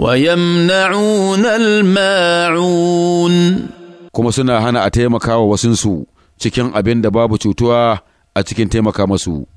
ويمنعون ma'un. kuma suna hana a taimakawa wa wasunsu cikin abin da babu cutuwa a cikin taimaka masu